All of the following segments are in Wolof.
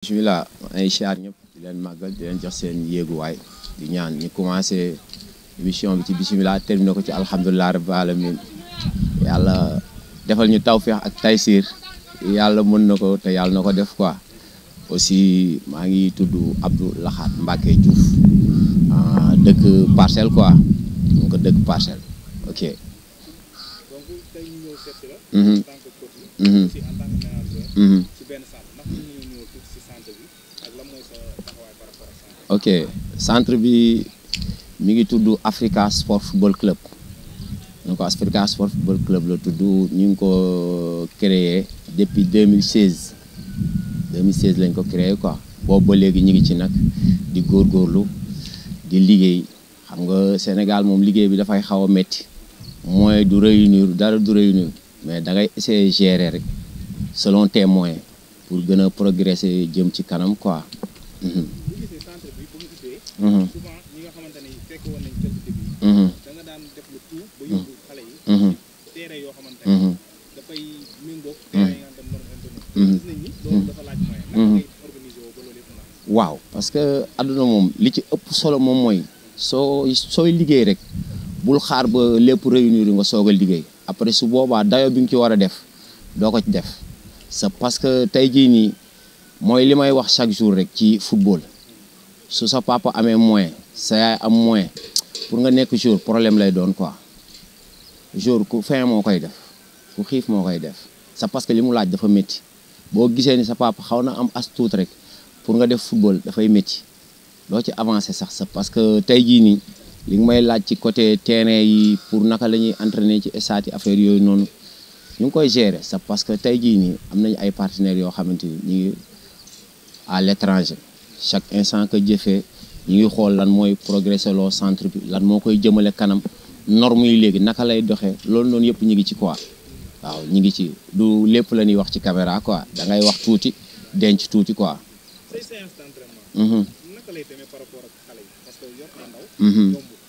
bismillah ay xaar ñëpp di leen màggal di leen jox seen yéeguwaay di ñaan ñu commencé émission bi ci bismillah terminé ko ci alhamdulilah rabbil alamin yàlla ya defal ñu tawféex ak taysir yàlla ya mën na ko te yàlla na ko def quoi aussi maa ngi tudd Abdou Lahat Mbacké ah, Diouf dëkk parcelle quoi ah. mu ko dëkk ok donc ñu ñëw la en tant que coach en tant que manager ci salle ok centre bi mi ngi tudd Africa Sport Football Club donc Africa Sport Football Club la tudd ñu ngi ko créé depuis 2016 2016 lañ ko créer quoi boobu ba léegi ñu ngi ci nag di góorlu di liggéey xam nga Sénégal moom liggéey bi dafay xaw a métti mooy du réunir dara du réunir mais da ngay essayer gérer rek selon tes moyens pour gën a progresser jëm ci kanam quoi Mm-hmm. bu mm-hmm. nga xamante ne fekk woon mm-hmm. yoo xamante waaw parce que àdduna moom li ci ëpp solo moom mooy soo sooy liggéey rek bul xaar ba lépp réunir nga soog a liggéey après su boobaa dayo bi nga ci war a def doo ko ci def sa parce que jii nii mooy li may wax chaque jour rek ci football su sa papa amee moyen sa yaay am moyen pour nga nekk jour problème lay doon quoi jour ku fin moo koy def ku xiif moo koy def sa parce que li mu laaj dafa métti boo gisee ni sa papa xaw na am as tuut rek pour nga def football dafay métti doo ci avancé sax sa parce que tey jii nii li nga may laaj ci côté terrain yi pour naka la ñuy entraîner ci stade yi affaire yooyu noonu ñu ngi koy gérer sa parce que tey jii nii am nañu ay partenaires yoo xamante ni ñu ngi à l'étranger chaque instant que jëfee ñu xool lan mooy progresser loo centre bi lan moo koy jëmale kanam norme yi léegi naka lay doxee loolu noonu yëpp ñu ngi ci quoi waaw ñu ngi ci du lépp la ñuy wax ci caméra quoi da ngay wax tuuti denc tuuti quoi. say mhm. mhm.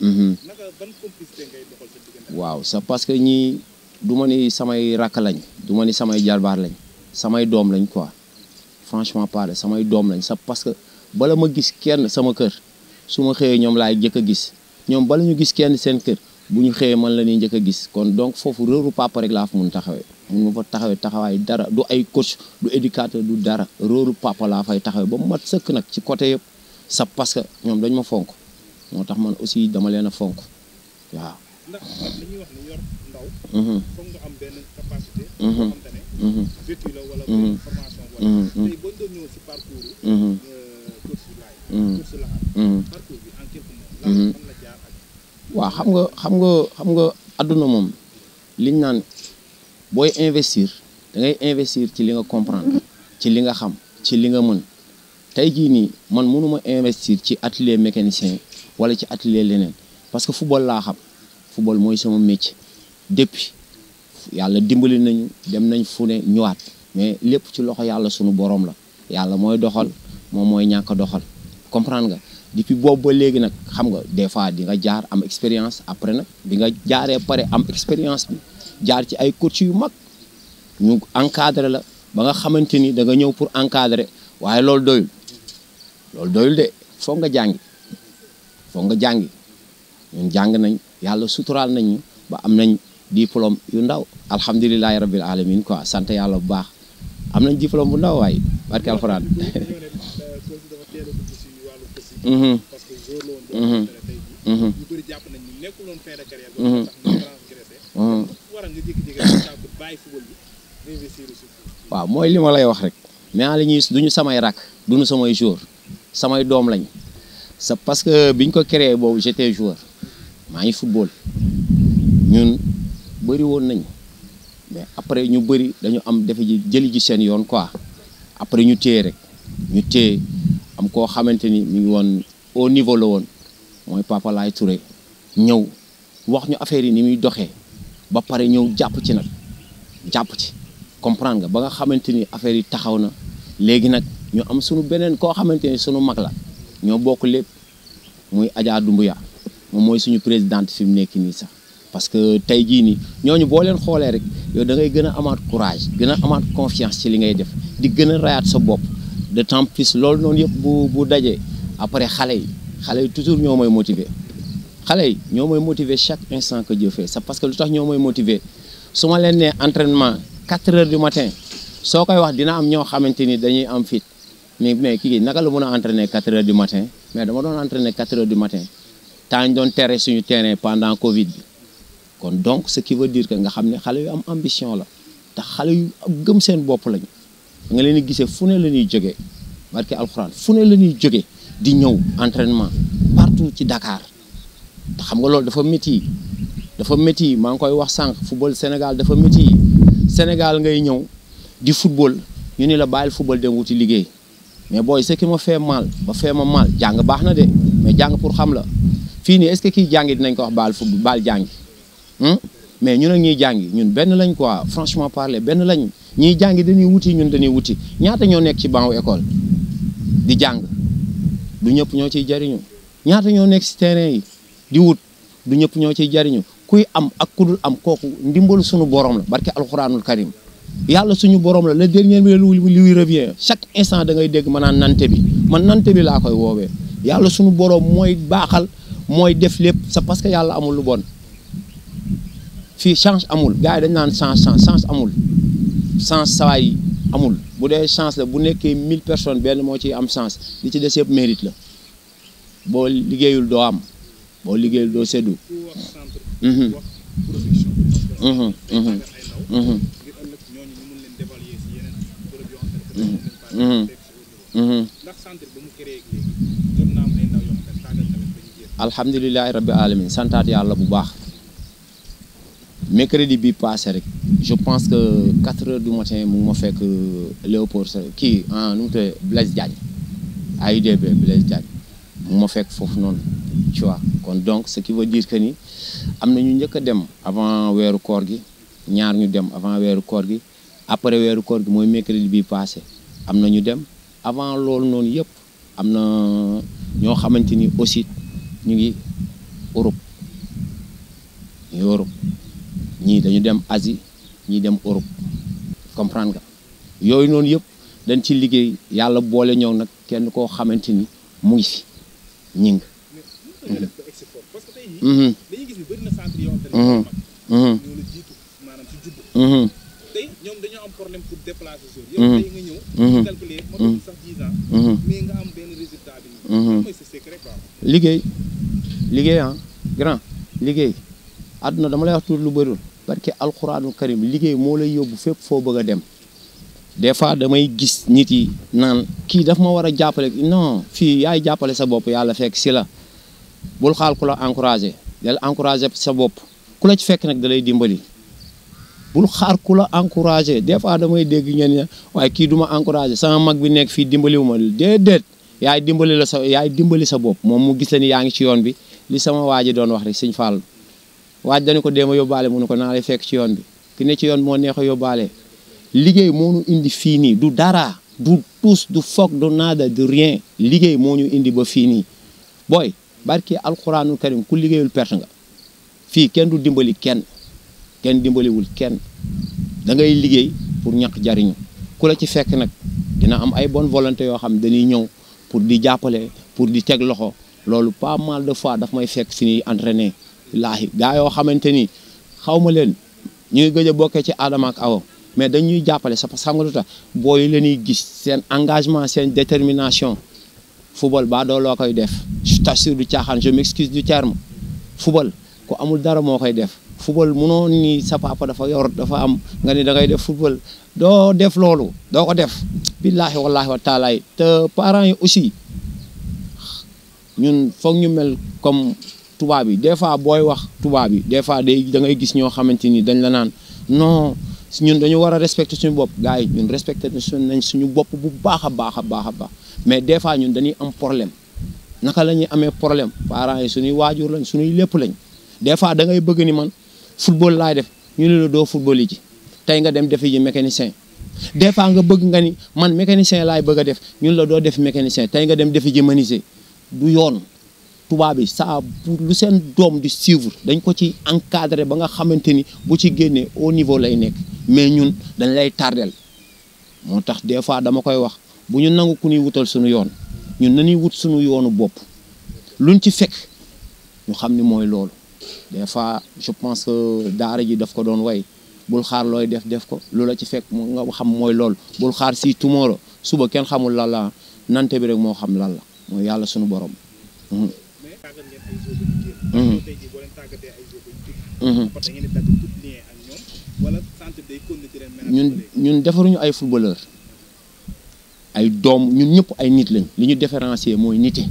Mhm. sa diggante. waaw c'est parce que ñii du ma ni samay rakk lañ du ma ni samay jarbaar lañ samay doom lañ quoi. franchement parler samay doom lañ sa parce que bala ma gis kenn sama kër su ma xëyee ñoom laay jëkk a gis ñoom bala ñu gis kenn seen kër bu ñu xëyee man la ñuy njëkk a gis kon donc foofu rôlu papa rek laa fa mun taxawee mun ma fa taxawee taxawaay dara du ay coach du éducateur du dara rôlu papa laa fay taxawee ba mu mat sëkk nag ci côté yëpp sa parce que ñoom dañ ma fonk moo tax man aussi dama leen a fonk waaw. Mm-hmm. tey boo xam nga xam nga xam nga adduna moom liñ naan booy investir da ngay investir ci li nga comprendre ci li nga xam ci li nga mën tey jii nii man mënuma investir ci atelier mécanicien wala ci atelier leneen parce que football laa xam football mooy sama métier depuis yàlla dimbali nañu dem nañ fu ne ñëwaat. mais lépp ci loxo yàlla sunu borom la yàlla mooy doxal moom mooy ñàkk doxal comprendre nga depuis boobu ba léegi nag xam nga des fois di nga jaar am expérience après nag di nga jaaree pare am expérience bi jaar ci ay coach yu mag ñu encadré la ba nga xamante ni danga ñëw pour encadrer waaye loolu doyul loolu doyul de foog nga jàngi foog nga jàngi ñun jàng nañ yàlla suturaal nañ ba am nañ diplôme yu ndaw alhamdulilahi rabbil alamin quoi sant yàlla bu baax am nañ diplôme bu ndaw waay barke alxuraan. Mhm. Mhm. Mhm. waaw mooy li ma lay wax rek. mais li ñuy duñu samay rak duñu samay jour samay doom lañ sa parce que biñ ko créer boobu jete joueur maa ngi football ñun bëri woon nañ mais après ñu bëri dañu am defe ji jëli ji seen yoon quoi après ñu téye rek ñu téye am koo xamante ni mi ngi woon au niveau la woon mooy Papa Laay ñëw wax ñu affaire yi ni muy doxee ba pare ñëw jàpp ci nag jàpp ci comprendre nga ba nga xamante ni affaire yi taxaw na léegi nag ñu am sunu beneen koo xamante ni sunu mag la ñoo bokk lépp muy Adja Doumbouya moom mooy suñu présidente fi mu nekk nii sax parce que tey jii nii ñooñu booleen xoolee rek yow da ngay gën a amaat courage gën a amaat confiance ci li ngay def di gën a rayaat sa bopp de temps plus loolu noonu yëpp bu bu dajee après xale yi xale yi toujours ñoo may motiver xale yi ñoo may motiver chaque instant que Dieu fait parce que lu tax ñoo may motiver su ma leen nee entraînement 4 heures du matin soo koy wax dina am ñoo xamante ni dañuy am fit mais ki kii naka la mun a entraîner 4 heures du matin mais dama doon entraîner 4 heures du matin temps suñu terrain pendant Covid bi. kon donc ce qui veut dire que nga xam ne xale yu am ambition la te xale yu gëm seen bopp lañu nga leen di gisee fu ne la ñuy jóge barke alxuraan fu ne la ñuy jóge di ñëw entrainement partout ci dakaar te xam nga loolu dafa métti dafa métti maa ngi koy wax sànq football Sénégal dafa métti Sénégal ngay ñëw di football ñu ni la bàyyil football dem wuti liggéey mais booy ce ma fee mal ba fait ma mal jàng baax na de mais jàng pour xam la fii nii est-ce que kii jàngi dinañ ko wax baal football baal jàngi. Hmm? mais ñun ak ñuy jàngi ñun benn lañ quoi franchement parler benn lañ ñuy jàngi dañuy wuti ñun dañuy wuti ñaata ñoo nekk ci banc école di jàng du ñëpp ñoo ciy jariñu ñaata ñoo nekk ci terrain di wut du ñëpp ñoo ciy jariñu kuy am ak ku am kooku ndimbalu suñu borom la barke alxuraanul karim yàlla suñu borom la le dernier bi lui revient chaque instant dangay ngay dégg ma nante bi man nante bi laa koy woowee yàlla suñu borom mooy baaxal mooy def lépp c'est parce que yàlla amul lu bon fi chance amul gars yi dañ naan change change change amul change sawaay amul bu dee chance la bu nekkee mille personnes benn moo ciy am chance li ci des yëpp mérite la boo liggéeyul doo am boo liggéeyul doo seddu mhm. mhm, mhm. alhamdulilahi rabbi alamin santaat yàlla bu baax mercredi je pense que 4 heures du matin je ma fekk euh, Léopold qui en ah, Blaise Diagne Blaise Diagne donc ce qui veut dire que ni sommes avant wéru koor gi dem avant le koor après le koor gi mercredi bi passé dem avant lool non yépp aussi Europe ñii dañu dem asi ñii dem Europe comprendre nga yooyu noonu yëpp dañ ci liggéey yàlla boole ñëw nag kenn koo xamante ni mu ngi liggéey liggéey ah. grand liggéey àdduna dama lay wax tuuti lu bëriwul parce que alxuraanu karim liggéey moo lay yóbbu fépp foo bëgg a dem des fois damay gis nit yi naan kii dafa ma war a jàppale non fii yaay jàppale sa bopp yàlla fekk si la bul xaal ku la encouragé encouragé sa bopp ku la ci fekk nag dalay dimbali bul xaar ku la encourager des fois damay dégg ñenn ña waaye kii duma ma encouragé sama mag bi nekk fii dimbaliwu ma déedéet yaay dimbali la sa yaay dimbali sa bopp moom mu gis la ni yaa ngi ci yoon bi li sama waa ji doon wax rek sëñ Fall waaj dañu ko déema yóbbaale mu ne ko naa lay fekk ci yoon bi ki ne ci yoon moo neex a yóbbaale liggéey moo ñu indi fii nii du dara du tous du foog du naada du rien liggéey moo ñu indi ba fii nii booy barki alxuraanu karim ku liggéeyul perte nga fii kenn du dimbali kenn kenn dimbaliwul kenn da ngay liggéey pour ñaq jariñu ku la ci fekk nag dina am ay bon volonté yoo xam dañuy ñëw pour di jàppale pour di teg loxo loolu pas mal de fois daf may fekk suñuy entraîné laahi gaa yoo xamante ni xaw ma leen ñu ngi gëj bokkee ci Adama ak mais dañuy jàppale sa parce que xam nga lu booy la ñuy gis seen engagement seen détermination football baa doo loo koy def je t'assure du caaxaan je m'excuse du terme football ku amul dara moo koy def football munoo ni sa papa dafa yor dafa am nga ni da def football doo def loolu doo ko def billaahi wallaahi wa te parents yi aussi ñun foog ñu mel comme tubaab yi des fois booy wax tubaab yi des fois day da ngay gis ñoo xamante ni dañ la naan non ñun dañu war a respecter suñu bopp gars yi ñun respecter nañ suñu bopp bu baax a baax a baax baax mais des fois ñun dañuy am problème naka la ñuy amee problème parents yi suñuy waajur lañ suñuy lépp lañ des fois da ngay bëgg ni man football laay def ñu ne la doo football ji tey nga dem defi ji mécanicien des fois nga bëgg nga ni man mécanicien laay bëgg a def ñun la doo def mécanicien tey nga dem defi ji menuisier du yoon tubaab yi saa lu seen doom di suivre dañ ko ci encadré ba nga xamante ni bu ci génnee au niveau lay nekk mais ñun dañ lay tardel moo tax des fois dama koy wax bu ñu nangu ku ñuy wutal suñu yoon ñun nañuy wut suñu yoonu bopp luñ ci fekk ñu xam ni mooy loolu des fois je pense que ji daf ko doon way bul xaar looy def def ko lu la ci fekk nga xam mooy loolu bul xaar si tomorrow suba kenn xamul lan la nante bi rek moo xam lan mooy yàlla suñu borom hmm. tàggat leen ay joueurs mhm. mhm. yu ñun ñun defaruñu ay footballeur ay doom ñun ñëpp ay nit lañ li ñu différencier mooy nite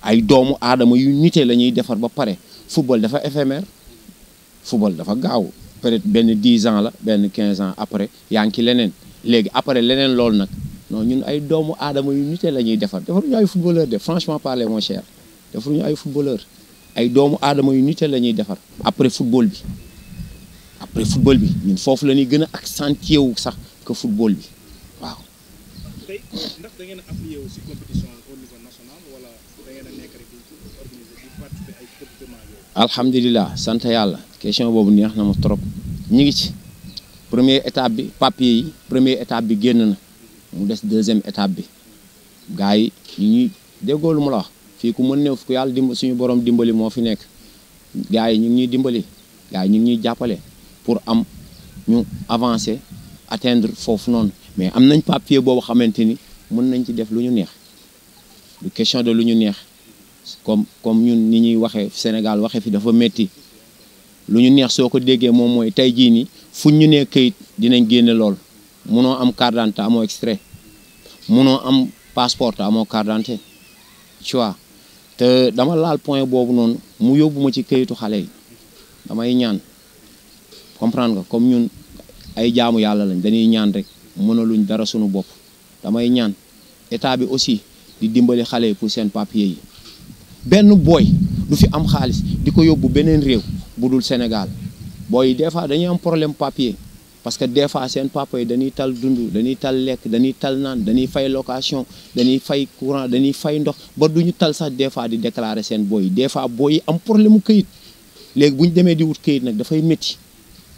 ay doomu aadama yu nite la ñuy defar ba pare football dafa éphémère football dafa gaaw peut-être benn dix ans la benn quinze ans après yaa ngi ci leneen léegi après leneen loolu nag non ñun ay doomu aadama yu nite la ñuy defar defaruñu ay footballeur de franchement parler mon defaruñu ay footballeur ay doomu aadama yu nite la ñuy defar après football bi après football bi ñun foofu la ñuy gën a accentuer wu sax que football bi waaw. alhamdulilah sant yàlla question boobu neex na ma trop ñu ngi ci premier étape bi papier yi première étape bi génn na mu des deuxième étape bi gars yi ñu ñuy déggoo lu ma la fii ku mën ne ku yàlla dimb suñu borom dimbali moo fi nekk gars yi ñu ngi ñuy dimbali gars yi ñu ngi ñuy jàppale pour am ñu avancer atteindre foofu noonu mais am nañ papier boobu xamante ni mën nañ ci def lu ñu neex du question de lu ñu neex comme comme ñun ni ñuy waxee Sénégal waxe fi dafa metti lu ñu neex soo ko déggee moom mooy tey jii nii fuñ ñu nee kayit dinañ génne lool munoo am carte d'identité amoo extrait munoo am passeport amoo carte d'identité te dama laal point boobu noonu mu yóbbu ma ci këyitu xale yi damay ñaan comprendre nga comme ñun ay jaamu yàlla lañ dañuy ñaan rek mënaluñ dara suñu bopp damay ñaan état bi aussi di dimbali xale yi pour seen papier yi benn booy du fi am xaalis di ko yóbbu beneen réew bu dul Sénégal booy yi des fois dañuy am problème papier parce que des fois seen papa yi dañuy tal dund dañuy tal lekk dañuy tal naan dañuy fay location dañuy fay courant dañuy fay ndox ba du ñu tal sax des fois di déclarer seen booy yi des fois booy yi am problème mu këyit léegi bu ñu demee di wut këyit nag dafay métti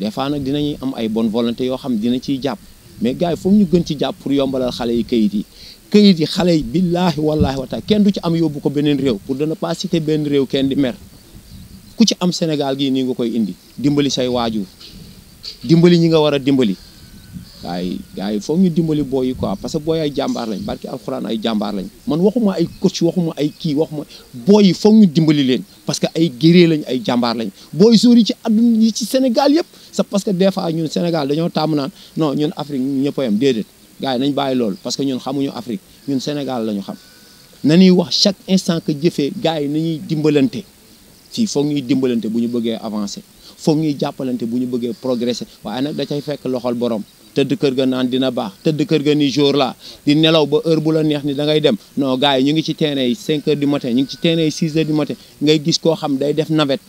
des fois nag dinañuy am ay bonne volonté yoo xam ne dina ciy jàpp mais gars yi foog ñu gën ci jàpp pour yombalal xale yi këyit yi këyit yi xale yi billaahi wallaahi wa taala kenn du ci am yóbbu ko beneen réew pour dana pas citer benn réew kenn di mer ku ci am Sénégal gii nii nga koy indi dimbali say waajur dimbali ñi nga war a dimbali waaye gars yi foog ñu dimbali booy yi quoi parce que booy ay jàmbaar lañ barki alxuraan ay jàmbaar lañ man waxuma ay coach waxuma ay kii waxuma booy yi foog ñu dimbali leen parce que ay guerrier lañ ay jàmbaar lañ booy suur ci àdduna yi ci Sénégal yëpp c'est parce que des fois ñun Sénégal dañoo tàmm naan non ñun Afrique ñun ñëpp a yem déedéet gars yi nañ bàyyi loolu parce que ñun xamuñu Afrique ñun Sénégal la ñu xam na ñuy wax chaque instant que jëfe gars yi nañuy dimbalante fii foog ñuy dimbalante bu ñu bëggee avancer foog ñuy jàppalante bu ñu bëggee progresser waaye nag da cay fekk loxol borom tëdd kër ga naan dina baax tëdd kër ga ni jour la di nelaw ba heure bu la neex ni da ngay dem non gars yi ñu ngi ci terrain yi 5 heures du matin ñu ngi ci terrain yi 6 heures du matin ngay gis koo xam day def navette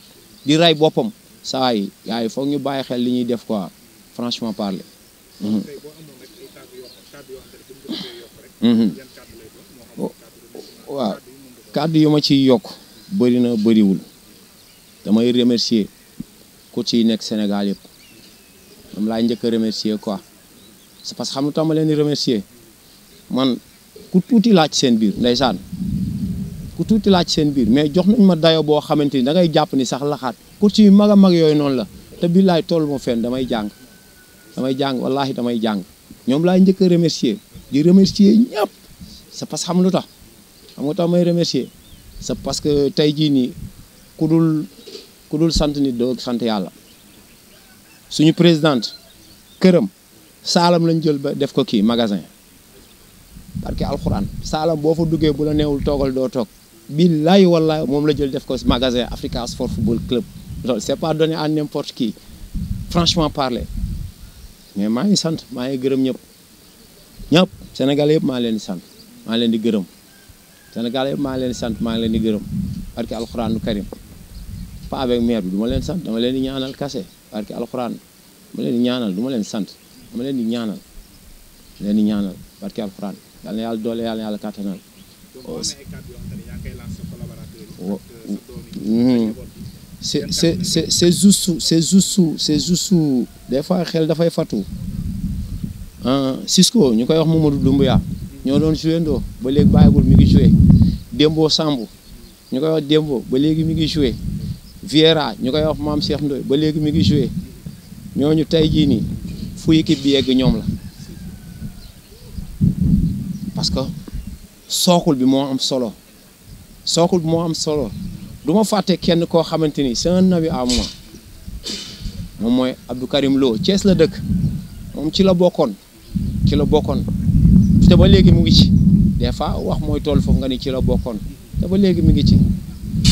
di rey boppam saa yi gars yi foog ñu bàyyi xel li ñuy def quoi franchement parler. Mhm. Mhm. waaw kàddu yu ma ci yokk bëri na bëriwul damay remercier. coach yi nekk Sénégal yëpp moom laay njëkk remercier quoi c'est que xam nga tax ma leen di man ku tuuti laaj seen biir ndeysaan ku tuuti laaj seen biir mais jox nañ ma dayo boo xamante ni da ngay jàpp ni sax laxaat coach yu mag a mag yooyu noonu la te billaay toll ma fenn damay jàng damay jàng wallaahi damay jàng ñoom laay njëkk a remercier di remercier ñëpp c'est xam lu tax xam nga tax may remercier c'est parce que tey ku dul ku sante nit doo sante yalla suñu présidente këram salam lañ jël ba def ko ki magasin parce que alxuraan saalam boo fa duggé bu la neewul toogal doo toog billaay wallaay moom la jël def ko magasin Africa Sport Football Club loolu c'est pas donné à n'importe qui franchement parler mais ma ngi sante ma ngi gërëm ñëpp ñëpp sénégalais yëpp ma leen di sant maa leen di gërëm Sénégal yëpp maa leen di sant maa leen di gërëm parce que alxuraanu karim pas avec maire bi du ma leen sant dama leen di ñaanal kase barke alxuraan dama leen di ñaanal du ma leen sant dama leen di ñaanal leen di ñaanal barke alxuraan yal na yàlla doole yal na yàlla kàttanal. Euh, mm-hmm. c'est c'est c'est juste c'est juste c'est juste des fois xel dafay fàttu ah, Cisco ñu koy wax Mamadou Doumbouya ñoo doon joué ndoo ba léegi bàyyigul mi ngi joué Dembo Samb ñu koy wax Dembo ba léegi mi ngi joué Vieira ñu koy wax maam Cheikh Ndoye ba léegi mi ngi joué ñooñu tey jii nii fu équipe bi yegg ñoom la parce que sookul bi moo am solo sookul bi moo am solo du ma fàtte kenn koo xamante ni c'est un ami à moi moom mooy Abdou Karim Lo Thiès la dëkk moom ci la bokkoon ci la bokkoon te ba léegi mu ngi ci des fois wax mooy toll foofu nga ni ci la bokkoon te ci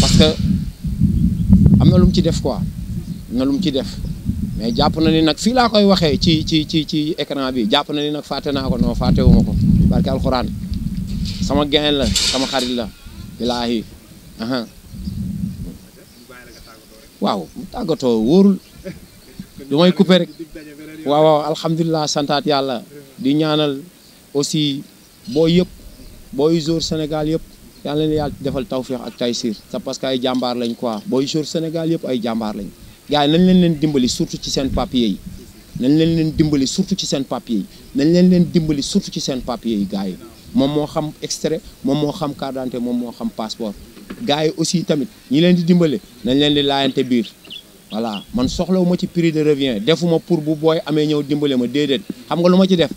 parce que. am na lu ci def ko am na lu mu ci def mais jàpp na ni nag fii laa koy waxee ci ci ci ci écran bi jàpp na ni nag fàtte naa ko non fàtte wu ma ko barke alxuraan sama gain la sama xarit la bilaahi waaw mu tàggatoo wóorul du may coupé rek waaw waaw alhamdulilah santaat yàlla di ñaanal aussi boo yëpp booy jour Sénégal yëpp yàlla na yàlla defal tawféex ak taysiir c'est parce que ay jàmbaar lañ quoi booy jour Sénégal yëpp ay jàmbaar lañ gars nañ leen leen dimbali surtout ci seen papier yi nañ leen leen dimbali surtout ci seen papier yi nañ leen leen dimbali surtout ci seen papier yi gars yi moom moo xam extrait moom moo xam carte moom moo xam passeport gars yi aussi tamit ñi leen di dimbali nañ leen di laayante biir voilà man soxlawu ma ci prix de revient defuma pour bu booy amee ñëw dimbali ma déedéet xam nga lu ma ci def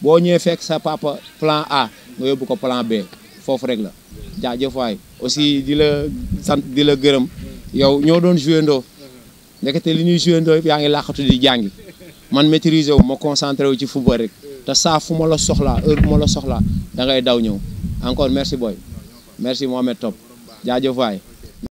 boo ñëwee fekk sa papa plan A nga ko plan B foofu rek la jaajëf waay aussi di la sant di la gërëm yow ñoo doon joué ndoo li ñuy joué ndoo yëpp yaa ngi làqatu di jàngi man maîtriser wu ma concentré wu ci football rek te saa fu ma la soxlaa heure bu ma la soxlaa da ngay daw ñëw encore merci boy merci Mohamed Top jaajëf waay